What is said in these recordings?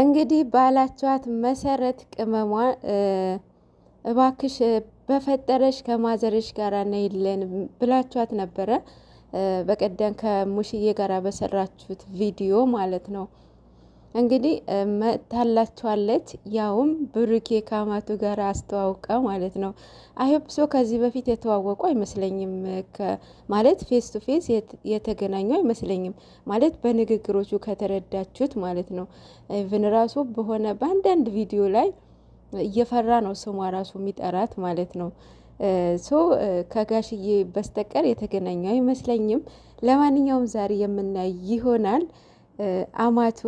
እንግዲህ ባላችኋት መሰረት ቅመሟ እባክሽ በፈጠረሽ ከማዘረሽ ጋር ነይልን ብላችኋት ነበረ። በቀደም ከሙሽዬ ጋር በሰራችሁት ቪዲዮ ማለት ነው። እንግዲህ መታላችኋለች ያውም ብሩኬ ከአማቱ ጋር አስተዋውቀ ማለት ነው። ሶ ከዚህ በፊት የተዋወቁ አይመስለኝም ማለት ፌስ ቱ ፌስ የተገናኙ አይመስለኝም ማለት በንግግሮቹ ከተረዳችሁት ማለት ነው። ኢቭን ራሱ በሆነ በአንዳንድ ቪዲዮ ላይ እየፈራ ነው ስሟ ራሱ የሚጠራት ማለት ነው። ሶ ከጋሽዬ በስተቀር የተገናኙ አይመስለኝም። ለማንኛውም ዛሬ የምናይ ይሆናል አማቱ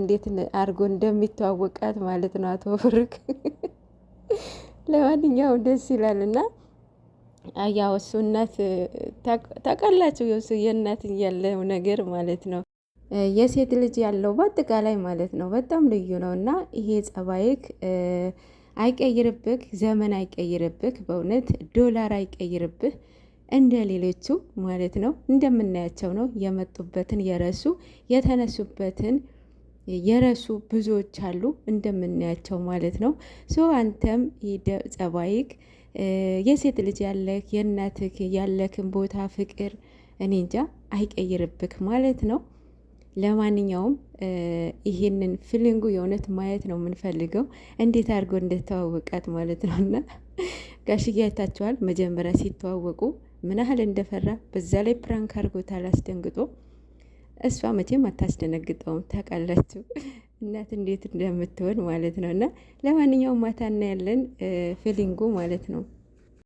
እንዴት አድርጎ እንደሚተዋወቃት ማለት ነው አቶ ብሩክ። ለማንኛውም ደስ ይላል እና ያው እሱ እናት ታውቃላችሁ፣ የሱ የእናት ያለው ነገር ማለት ነው የሴት ልጅ ያለው በአጠቃላይ ማለት ነው በጣም ልዩ ነው እና ይሄ ጸባይክ አይቀይርብህ፣ ዘመን አይቀይርብህ፣ በእውነት ዶላር አይቀይርብህ። እንደ ሌሎቹ ማለት ነው እንደምናያቸው ነው የመጡበትን የረሱ የተነሱበትን የረሱ ብዙዎች አሉ እንደምናያቸው ማለት ነው። ሶ አንተም ጸባይክ የሴት ልጅ ያለክ የእናትክ ያለክን ቦታ ፍቅር እኔ እንጃ አይቀይርብክ ማለት ነው። ለማንኛውም ይሄንን ፊሊንጉ የእውነት ማየት ነው የምንፈልገው፣ እንዴት አድርጎ እንደተዋወቃት ማለት ነው። እና ጋሽዬ አይታችኋል መጀመሪያ ሲተዋወቁ ምን ያህል እንደፈራ፣ በዛ ላይ ፕራንክ አድርጎታል አስደንግጦ እሷ መቼም አታስደነግጠውም ታውቃላችሁ፣ እናት እንዴት እንደምትሆን ማለት ነው። እና ለማንኛውም ማታ እናያለን ፊሊንጉ ማለት ነው።